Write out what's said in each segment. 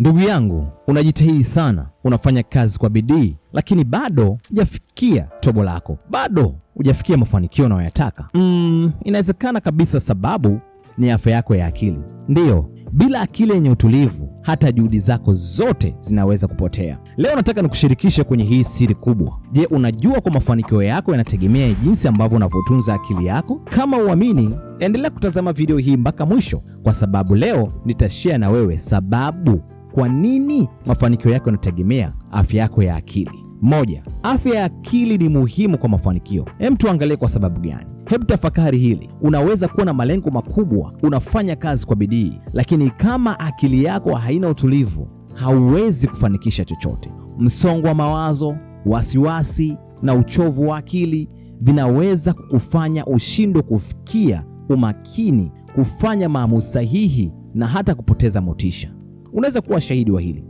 Ndugu yangu, unajitahidi sana, unafanya kazi kwa bidii, lakini bado hujafikia tobo lako, bado hujafikia mafanikio unayoyataka. Mm, inawezekana kabisa, sababu ni afya yako ya akili. Ndiyo, bila akili yenye utulivu, hata juhudi zako zote zinaweza kupotea. Leo nataka nikushirikishe kwenye hii siri kubwa. Je, unajua kwa mafanikio yako yanategemea jinsi ambavyo unavyotunza akili yako? Kama uamini, endelea kutazama video hii mpaka mwisho, kwa sababu leo nitashare na wewe sababu kwa nini mafanikio yako yanategemea afya yako ya akili. Moja, afya ya akili ni muhimu kwa mafanikio. Hem, tuangalie kwa sababu gani? Hebu tafakari hili. Unaweza kuwa na malengo makubwa, unafanya kazi kwa bidii, lakini kama akili yako haina utulivu, hauwezi kufanikisha chochote. Msongo wa mawazo, wasiwasi na uchovu wa akili vinaweza kukufanya ushindwe kufikia umakini, kufanya maamuzi sahihi na hata kupoteza motisha. Unaweza kuwa shahidi wa hili.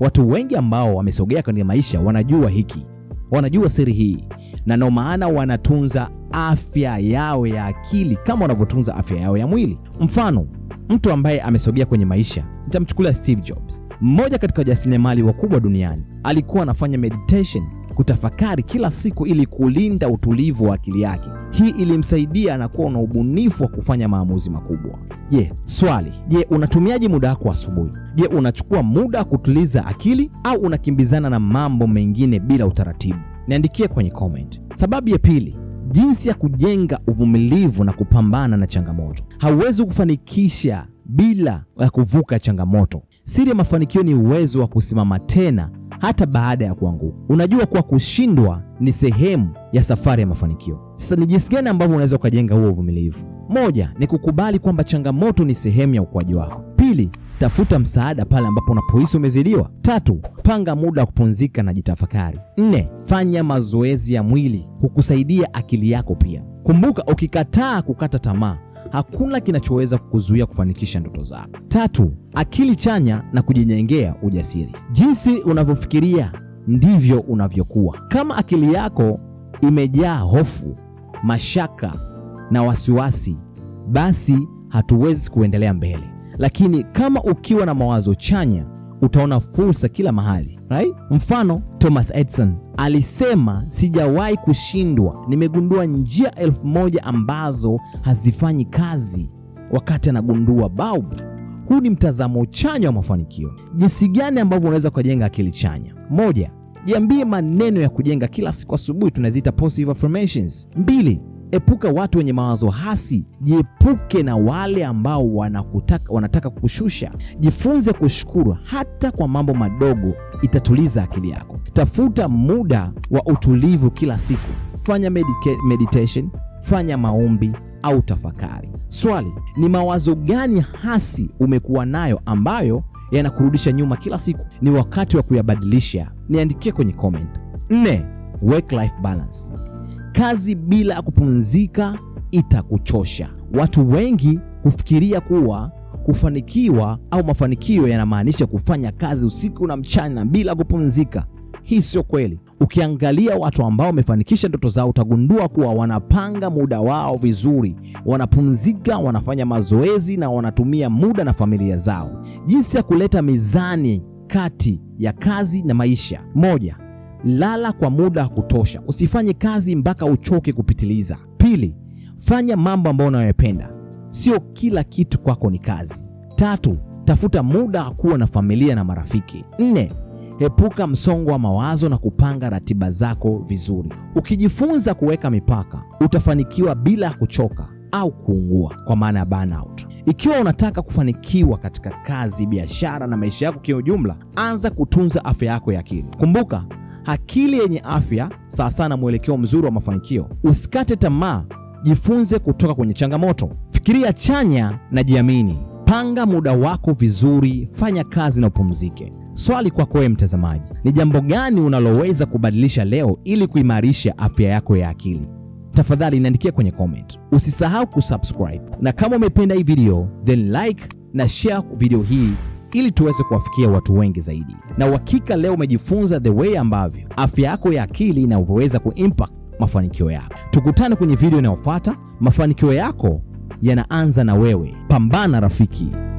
Watu wengi ambao wamesogea kwenye maisha wanajua hiki, wanajua siri hii, na ndio maana wanatunza afya yao ya akili kama wanavyotunza afya yao ya mwili. Mfano, mtu ambaye amesogea kwenye maisha, nitamchukulia Steve Jobs, mmoja katika wajasiriamali wakubwa duniani, alikuwa anafanya meditation kutafakari kila siku ili kulinda utulivu wa akili yake. Hii ilimsaidia na kuwa na ubunifu wa kufanya maamuzi makubwa. Je, swali, je, unatumiaje muda wako asubuhi? Je, unachukua muda wa kutuliza akili au unakimbizana na mambo mengine bila utaratibu? Niandikie kwenye comment. Sababu ya pili, jinsi ya kujenga uvumilivu na kupambana na changamoto. Hauwezi kufanikisha bila ya kuvuka changamoto. Siri ya mafanikio ni uwezo wa kusimama tena hata baada ya kuanguka. Unajua kuwa kushindwa ni sehemu ya safari ya mafanikio. Sasa ni jinsi gani ambavyo unaweza ukajenga huo uvumilivu? Moja ni kukubali kwamba changamoto ni sehemu ya ukuaji wako. Pili, tafuta msaada pale ambapo unapohisi umezidiwa. Tatu, panga muda wa kupumzika na jitafakari. Nne, fanya mazoezi ya mwili, hukusaidia akili yako pia. Kumbuka, ukikataa kukata tamaa hakuna kinachoweza kukuzuia kufanikisha ndoto zako. Tatu, akili chanya na kujinyengea ujasiri. Jinsi unavyofikiria ndivyo unavyokuwa. Kama akili yako imejaa hofu, mashaka na wasiwasi, basi hatuwezi kuendelea mbele, lakini kama ukiwa na mawazo chanya utaona fursa kila mahali right? Mfano, Thomas Edison alisema sijawahi kushindwa, nimegundua njia elfu moja ambazo hazifanyi kazi wakati anagundua balbu. Huu ni mtazamo chanya wa mafanikio. Jinsi gani ambavyo unaweza ukajenga akili chanya? Moja, jiambie maneno ya kujenga kila siku asubuhi, tunaziita positive affirmations. Mbili, Epuka watu wenye mawazo hasi, jiepuke na wale ambao wanakutaka, wanataka kukushusha. Jifunze kushukuru hata kwa mambo madogo, itatuliza akili yako. Tafuta muda wa utulivu kila siku, fanya meditation, fanya maombi au tafakari. Swali: ni mawazo gani hasi umekuwa nayo ambayo yanakurudisha nyuma kila siku? Ni wakati wa kuyabadilisha. Niandikie kwenye comment. Nne, work life balance. Kazi bila kupumzika itakuchosha. Watu wengi hufikiria kuwa kufanikiwa au mafanikio yanamaanisha kufanya kazi usiku na mchana bila kupumzika. Hii sio kweli. Ukiangalia watu ambao wamefanikisha ndoto zao, utagundua kuwa wanapanga muda wao vizuri, wanapumzika, wanafanya mazoezi na wanatumia muda na familia zao. Jinsi ya kuleta mizani kati ya kazi na maisha: moja, lala kwa muda wa kutosha, usifanye kazi mpaka uchoke kupitiliza. Pili, fanya mambo ambayo unayoyapenda, sio kila kitu kwako ni kazi. Tatu, tafuta muda wa kuwa na familia na marafiki. Nne, epuka msongo wa mawazo na kupanga ratiba zako vizuri. Ukijifunza kuweka mipaka, utafanikiwa bila ya kuchoka au kuungua, kwa maana ya burnout. Ikiwa unataka kufanikiwa katika kazi, biashara na maisha yako kiujumla, anza kutunza afya yako ya akili. Kumbuka, akili yenye afya sawasawa na mwelekeo mzuri wa mafanikio. Usikate tamaa, jifunze kutoka kwenye changamoto, fikiria chanya na jiamini. Panga muda wako vizuri, fanya kazi na upumzike. Swali kwako wewe mtazamaji, ni jambo gani unaloweza kubadilisha leo ili kuimarisha afya yako ya akili? Tafadhali niandikia kwenye comment. Usisahau kusubscribe, na kama umependa hii video then like na share video hii ili tuweze kuwafikia watu wengi zaidi. Na uhakika leo umejifunza the way ambavyo afya yako ya akili inavyoweza kuimpact mafanikio yako. Tukutane kwenye video inayofuata. Mafanikio yako yanaanza na wewe. Pambana rafiki.